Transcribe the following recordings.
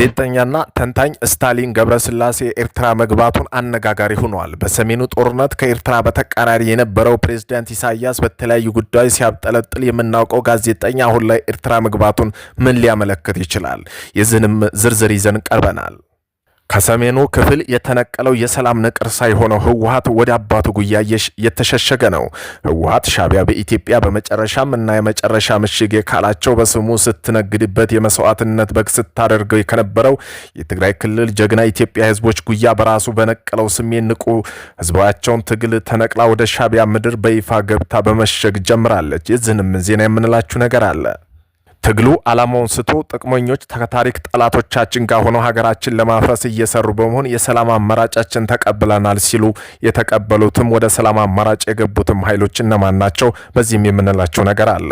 ጋዜጠኛና ተንታኝ ስታሊን ገብረስላሴ ኤርትራ መግባቱን አነጋጋሪ ሆኗል። በሰሜኑ ጦርነት ከኤርትራ በተቃራኒ የነበረው ፕሬዝዳንት ኢሳያስ በተለያዩ ጉዳዮች ሲያብጠለጥል የምናውቀው ጋዜጠኛ አሁን ላይ ኤርትራ መግባቱን ምን ሊያመለክት ይችላል? የዝንም ዝርዝር ይዘን ቀርበናል። ከሰሜኑ ክፍል የተነቀለው የሰላም ነቀርሳ የሆነው ህወሀት ወደ አባቱ ጉያ የተሸሸገ ነው። ህወሀት ሻቢያ በኢትዮጵያ በመጨረሻም እና የመጨረሻ ምሽግ ካላቸው በስሙ ስትነግድበት የመስዋዕትነት በግ ስታደርገው ከነበረው የትግራይ ክልል ጀግና ኢትዮጵያ ህዝቦች ጉያ በራሱ በነቀለው ስሜ ንቁ ህዝባቸውን ትግል ተነቅላ ወደ ሻቢያ ምድር በይፋ ገብታ በመሸግ ጀምራለች። የዚህንም ዜና የምንላችሁ ነገር አለ። ትግሉ ዓላማውን ስቶ ጥቅመኞች ከታሪክ ጠላቶቻችን ጋር ሆነው ሀገራችን ለማፍረስ እየሰሩ በመሆን የሰላም አማራጫችን ተቀብለናል ሲሉ የተቀበሉትም ወደ ሰላም አማራጭ የገቡትም ኃይሎች እነማን ናቸው? በዚህም የምንላቸው ነገር አለ።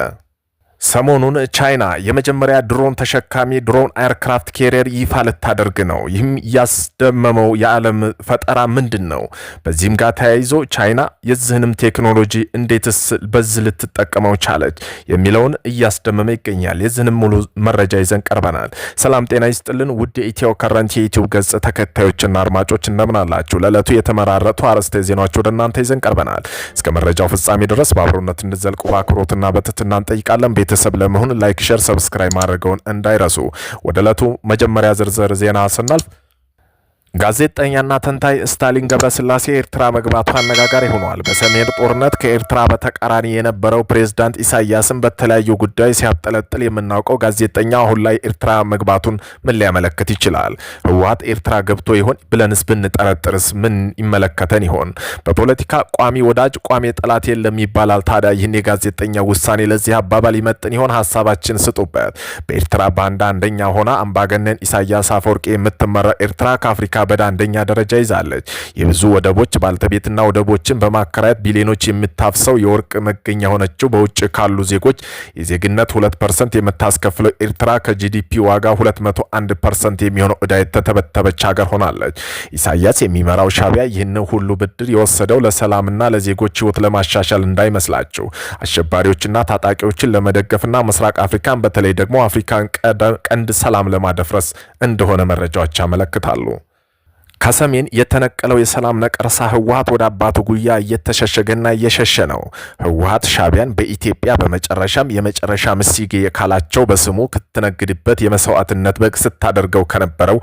ሰሞኑን ቻይና የመጀመሪያ ድሮን ተሸካሚ ድሮን ኤርክራፍት ኬሪየር ይፋ ልታደርግ ነው። ይህም ያስደመመው የዓለም ፈጠራ ምንድን ነው? በዚህም ጋር ተያይዞ ቻይና የዚህንም ቴክኖሎጂ እንዴትስ በዚህ ልትጠቀመው ቻለች የሚለውን እያስደመመ ይገኛል። የዚህንም ሙሉ መረጃ ይዘን ቀርበናል። ሰላም ጤና ይስጥልን ውድ የኢትዮ ከረንት የዩቲዩብ ገጽ ተከታዮችና አድማጮች እንደምን አላችሁ? ለዕለቱ የተመራረጡ አርዕስተ ዜናዎች ወደ እናንተ ይዘን ቀርበናል። እስከ መረጃው ፍጻሜ ድረስ በአብሮነት እንዘልቁ በአክብሮትና በትህትና እንጠይቃለን። ቤተሰብ ለመሆን ላይክ፣ ሸር፣ ሰብስክራይብ ማድረገውን እንዳይረሱ። ወደ ዕለቱ መጀመሪያ ዝርዝር ዜና ስናልፍ ጋዜጠኛና ተንታይ ስታሊን ገብረስላሴ ኤርትራ መግባቱ አነጋጋሪ ሆኗል። በሰሜን ጦርነት ከኤርትራ በተቃራኒ የነበረው ፕሬዝዳንት ኢሳያስን በተለያዩ ጉዳይ ሲያጠለጥል የምናውቀው ጋዜጠኛ አሁን ላይ ኤርትራ መግባቱን ምን ሊያመለክት ይችላል? ህወሓት ኤርትራ ገብቶ ይሆን ብለንስ ብንጠረጥርስ ምን ይመለከተን ይሆን? በፖለቲካ ቋሚ ወዳጅ ቋሚ ጠላት የለም ይባላል። ታዲያ ይህን የጋዜጠኛ ውሳኔ ለዚህ አባባል ይመጥን ይሆን? ሀሳባችን ስጡበት። በኤርትራ ባንዳ አንደኛ ሆና አምባገነን ኢሳያስ አፈወርቄ የምትመራው ኤርትራ ከአፍሪካ በማበድ አንደኛ ደረጃ ይዛለች። የብዙ ወደቦች ባልተቤትና ወደቦችን በማከራየት ቢሊዮኖች የምታፍሰው የወርቅ መገኛ የሆነችው በውጭ ካሉ ዜጎች የዜግነት ሁለት ፐርሰንት የምታስከፍለው ኤርትራ ከጂዲፒ ዋጋ አንድ ፐርሰንት የሚሆነው እዳ የተተበተበች ሀገር ሆናለች። ኢሳያስ የሚመራው ሻቢያ ይህንን ሁሉ ብድር የወሰደው ለሰላምና ለዜጎች ህይወት ለማሻሻል እንዳይመስላቸው አሸባሪዎችና ታጣቂዎችን ለመደገፍና ምስራቅ አፍሪካን በተለይ ደግሞ አፍሪካን ቀንድ ሰላም ለማደፍረስ እንደሆነ መረጃዎች ያመለክታሉ። ከሰሜን የተነቀለው የሰላም ነቀርሳ ህወሀት ወደ አባቱ ጉያ እየተሸሸገና እየሸሸ ነው። ህወሀት ሻቢያን በኢትዮጵያ በመጨረሻም የመጨረሻ ምስጌ የካላቸው በስሙ ክትነግድበት የመስዋዕትነት በግ ስታደርገው ከነበረው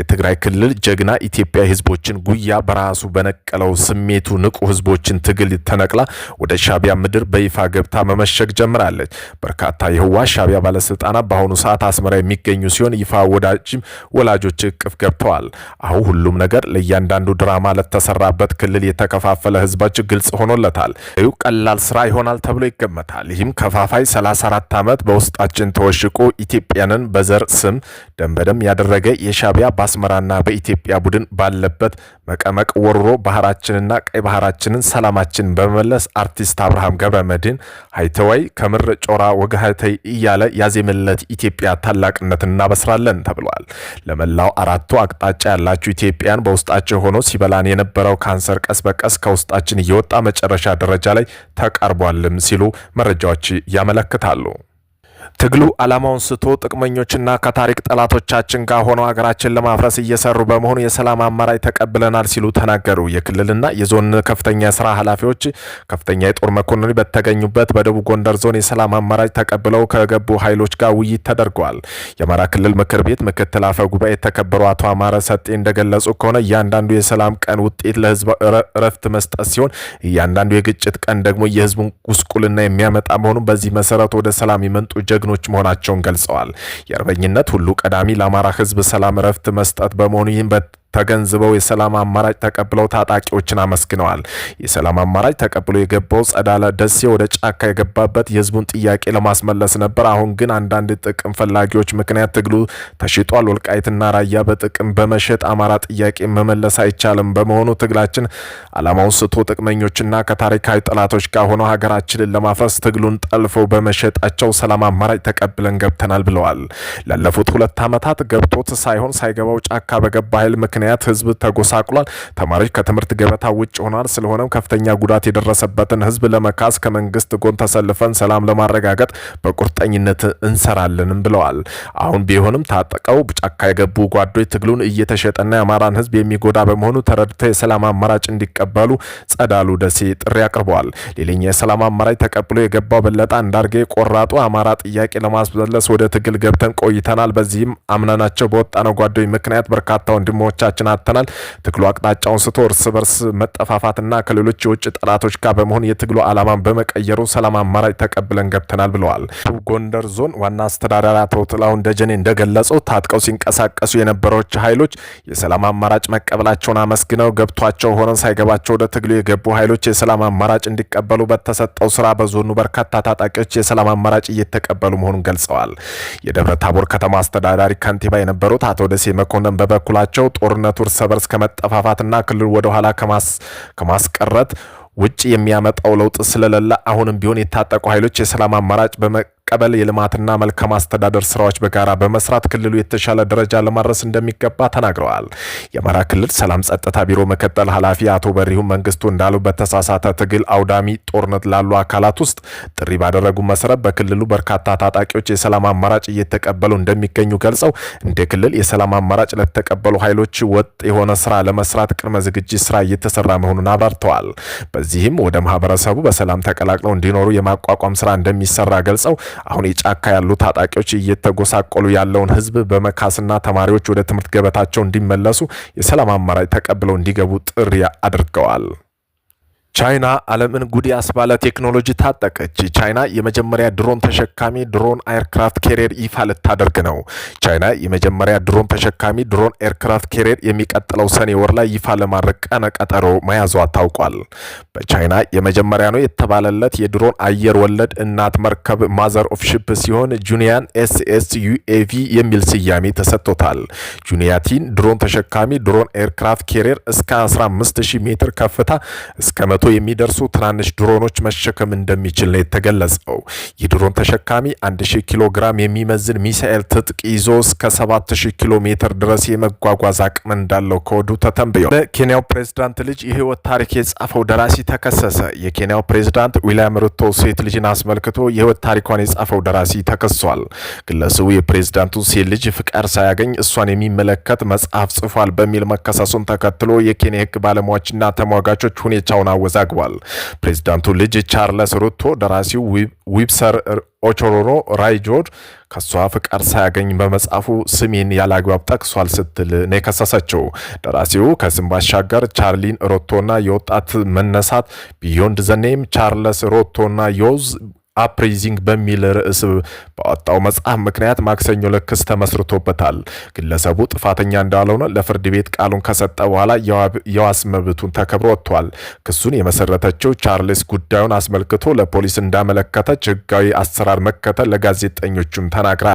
የትግራይ ክልል ጀግና ኢትዮጵያ ህዝቦችን ጉያ በራሱ በነቀለው ስሜቱ ንቁ ህዝቦችን ትግል ተነቅላ ወደ ሻቢያ ምድር በይፋ ገብታ መመሸግ ጀምራለች። በርካታ የህወሀት ሻቢያ ባለስልጣናት በአሁኑ ሰዓት አስመራ የሚገኙ ሲሆን ይፋ ወዳጅም ወላጆች እቅፍ ገብተዋል። አሁን ሁሉም ሁሉም ነገር ለእያንዳንዱ ድራማ ለተሰራበት ክልል የተከፋፈለ ህዝባችን ግልጽ ሆኖለታል። ይህ ቀላል ስራ ይሆናል ተብሎ ይገመታል። ይህም ከፋፋይ 34 ዓመት በውስጣችን ተወሽቆ ኢትዮጵያንን በዘር ስም ደም በደም ያደረገ የሻቢያ በአስመራና በኢትዮጵያ ቡድን ባለበት መቀመቅ ወሮ ባህራችንና ቀይ ባህራችንን ሰላማችንን በመመለስ አርቲስት አብርሃም ገብረ መድህን ሀይተወይ ከምር ጮራ ወገሀተይ እያለ ያዜምለት ኢትዮጵያ ታላቅነት እናበስራለን ተብሏል። ለመላው አራቱ አቅጣጫ ያላችሁ ኢትዮጵያ ኢትዮጵያን በውስጣቸው ሆኖ ሲበላን የነበረው ካንሰር ቀስ በቀስ ከውስጣችን እየወጣ መጨረሻ ደረጃ ላይ ተቃርቧልም ሲሉ መረጃዎች ያመለክታሉ። ትግሉ ዓላማውን ስቶ ጥቅመኞችና ከታሪክ ጠላቶቻችን ጋር ሆነው ሀገራችን ለማፍረስ እየሰሩ በመሆኑ የሰላም አማራጭ ተቀብለናል ሲሉ ተናገሩ። የክልልና የዞን ከፍተኛ የስራ ኃላፊዎች፣ ከፍተኛ የጦር መኮንን በተገኙበት በደቡብ ጎንደር ዞን የሰላም አማራጭ ተቀብለው ከገቡ ኃይሎች ጋር ውይይት ተደርገዋል። የአማራ ክልል ምክር ቤት ምክትል አፈ ጉባኤ የተከበሩ አቶ አማረ ሰጤ እንደገለጹ ከሆነ እያንዳንዱ የሰላም ቀን ውጤት ለህዝብ እረፍት መስጠት ሲሆን፣ እያንዳንዱ የግጭት ቀን ደግሞ የህዝቡን ጉስቁልና የሚያመጣ መሆኑን በዚህ መሰረት ወደ ሰላም ይመንጡ ጀግኖች መሆናቸውን ገልጸዋል። የአርበኝነት ሁሉ ቀዳሚ ለአማራ ህዝብ ሰላም እረፍት መስጠት በመሆኑ ይህን ተገንዝበው የሰላም አማራጭ ተቀብለው ታጣቂዎችን አመስግነዋል። የሰላም አማራጭ ተቀብሎ የገባው ጸዳለ ደሴ ወደ ጫካ የገባበት የህዝቡን ጥያቄ ለማስመለስ ነበር። አሁን ግን አንዳንድ ጥቅም ፈላጊዎች ምክንያት ትግሉ ተሽጧል። ወልቃይትና ራያ በጥቅም በመሸጥ አማራ ጥያቄ መመለስ አይቻልም። በመሆኑ ትግላችን አላማውን ስቶ ጥቅመኞችና ከታሪካዊ ጠላቶች ጋር ሆነው ሀገራችንን ለማፍረስ ትግሉን ጠልፈው በመሸጣቸው ሰላም አማራጭ ተቀብለን ገብተናል ብለዋል። ላለፉት ሁለት ዓመታት ገብቶት ሳይሆን ሳይገባው ጫካ በገባ ኃይል ምክንያት ምክንያት ህዝብ ተጎሳቅሏል። ተማሪዎች ከትምህርት ገበታ ውጭ ሆኗል። ስለሆነም ከፍተኛ ጉዳት የደረሰበትን ህዝብ ለመካስ ከመንግስት ጎን ተሰልፈን ሰላም ለማረጋገጥ በቁርጠኝነት እንሰራለንም ብለዋል። አሁን ቢሆንም ታጠቀው ጫካ የገቡ ጓዶች ትግሉን እየተሸጠና የአማራን ህዝብ የሚጎዳ በመሆኑ ተረድተው የሰላም አማራጭ እንዲቀበሉ ጸዳሉ ደሴ ጥሪ አቅርበዋል። ሌላኛ የሰላም አማራጭ ተቀብሎ የገባው በለጠ አንዳርጌ ቆራጡ አማራ ጥያቄ ለማስመለስ ወደ ትግል ገብተን ቆይተናል። በዚህም አምናናቸው በወጣነው ጓዶች ምክንያት በርካታ ወንድሞቻ ተጫዋቾቻችን አጥተናል። ትግሉ አቅጣጫውን ስቶ እርስ በርስ መጠፋፋትና ከሌሎች የውጭ ጠላቶች ጋር በመሆን የትግሉ ዓላማን በመቀየሩ ሰላም አማራጭ ተቀብለን ገብተናል ብለዋል። ጎንደር ዞን ዋና አስተዳዳሪ አቶ ጥላሁን ደጀኔ እንደገለጸው ታጥቀው ሲንቀሳቀሱ የነበሮች ኃይሎች የሰላም አማራጭ መቀበላቸውን አመስግነው ገብቷቸው ሆነን ሳይገባቸው ወደ ትግሉ የገቡ ኃይሎች የሰላም አማራጭ እንዲቀበሉ በተሰጠው ስራ በዞኑ በርካታ ታጣቂዎች የሰላም አማራጭ እየተቀበሉ መሆኑን ገልጸዋል። የደብረ ታቦር ከተማ አስተዳዳሪ ከንቲባ የነበሩት አቶ ደሴ መኮንን በበኩላቸው ጦር ጦርነቱ እርስ በርስ ከመጠፋፋትና ክልል ወደኋላ ከማስቀረት ውጭ የሚያመጣው ለውጥ ስለሌለ አሁንም ቢሆን የታጠቁ ኃይሎች የሰላም አማራጭ በመቀበል የልማትና መልካም አስተዳደር ስራዎች በጋራ በመስራት ክልሉ የተሻለ ደረጃ ለማድረስ እንደሚገባ ተናግረዋል። የአማራ ክልል ሰላም ጸጥታ ቢሮ ምክትል ኃላፊ አቶ በሪሁን መንግስቱ እንዳሉ በተሳሳተ ትግል አውዳሚ ጦርነት ላሉ አካላት ውስጥ ጥሪ ባደረጉ መሰረት በክልሉ በርካታ ታጣቂዎች የሰላም አማራጭ እየተቀበሉ እንደሚገኙ ገልጸው እንደ ክልል የሰላም አማራጭ ለተቀበሉ ኃይሎች ወጥ የሆነ ስራ ለመስራት ቅድመ ዝግጅት ስራ እየተሰራ መሆኑን አብራርተዋል። በዚህም ወደ ማህበረሰቡ በሰላም ተቀላቅለው እንዲኖሩ የማቋቋም ስራ እንደሚሰራ ገልጸው አሁን የጫካ ያሉ ታጣቂዎች እየተጎሳቆሉ ያለውን ህዝብ በመካስና ተማሪዎች ወደ ትምህርት ገበታቸው እንዲመለሱ የሰላም አማራጭ ተቀብለው እንዲገቡ ጥሪ አድርገዋል። ቻይና ዓለምን ጉድ ያስባለ ቴክኖሎጂ ታጠቀች። ቻይና የመጀመሪያ ድሮን ተሸካሚ ድሮን ኤርክራፍት ኬሪየር ይፋ ልታደርግ ነው። ቻይና የመጀመሪያ ድሮን ተሸካሚ ድሮን ኤርክራፍት ኬሪየር የሚቀጥለው ሰኔ ወር ላይ ይፋ ለማድረግ ቀነ ቀጠሮ መያዟ ታውቋል። በቻይና የመጀመሪያ ነው የተባለለት የድሮን አየር ወለድ እናት መርከብ ማዘር ኦፍ ሺፕ ሲሆን ጁኒያን ኤስኤስ ዩኤቪ የሚል ስያሜ ተሰጥቶታል። ጁኒያቲን ድሮን ተሸካሚ ድሮን ኤርክራፍት ኬሪየር እስከ 15000 ሜትር ከፍታ እስከ የሚደርሱ ትናንሽ ድሮኖች መሸከም እንደሚችል ነው የተገለጸው። ይህ ድሮን ተሸካሚ 1000 ኪሎ ግራም የሚመዝን ሚሳኤል ትጥቅ ይዞ እስከ 7000 ኪሎ ሜትር ድረስ የመጓጓዝ አቅም እንዳለው ከወዱ ተተንብዮ በኬንያው ፕሬዝዳንት ልጅ የህይወት ታሪክ የጻፈው ደራሲ ተከሰሰ። የኬንያው ፕሬዝዳንት ዊልያም ሩቶ ሴት ልጅን አስመልክቶ የህይወት ታሪኳን የጻፈው ደራሲ ተከሷል። ግለሰቡ የፕሬዝዳንቱ ሴት ልጅ ፍቃድ ሳያገኝ እሷን የሚመለከት መጽሐፍ ጽፏል በሚል መከሳሱን ተከትሎ የኬንያ ህግ ባለሙያዎችና ተሟጋቾች ሁኔታውን አወዛ ዘግቧል። ፕሬዚዳንቱ ልጅ ቻርለስ ሩቶ ደራሲው ዊብሰር ኦቾሮሮ ራይጆድ ከእሷ ፍቃድ ሳያገኝ በመጻፉ ስሜን ያላግባብ ጠቅሷል ስትል ነው የከሰሰችው። ደራሲው ከስም ባሻገር ቻርሊን ሮቶና የወጣት መነሳት ቢዮንድ ዘኔም ቻርለስ ሮቶና ዮዝ አፕሪዚንግ በሚል ርዕስ ባወጣው መጽሐፍ ምክንያት ማክሰኞ ለክስ ክስ ተመስርቶበታል። ግለሰቡ ጥፋተኛ እንዳልሆነ ለፍርድ ቤት ቃሉን ከሰጠ በኋላ የዋስ መብቱን ተከብሮ ወጥቷል። ክሱን የመሰረተችው ቻርልስ ጉዳዩን አስመልክቶ ለፖሊስ እንዳመለከተች ህጋዊ አሰራር መከተል ለጋዜጠኞቹም ተናግራል።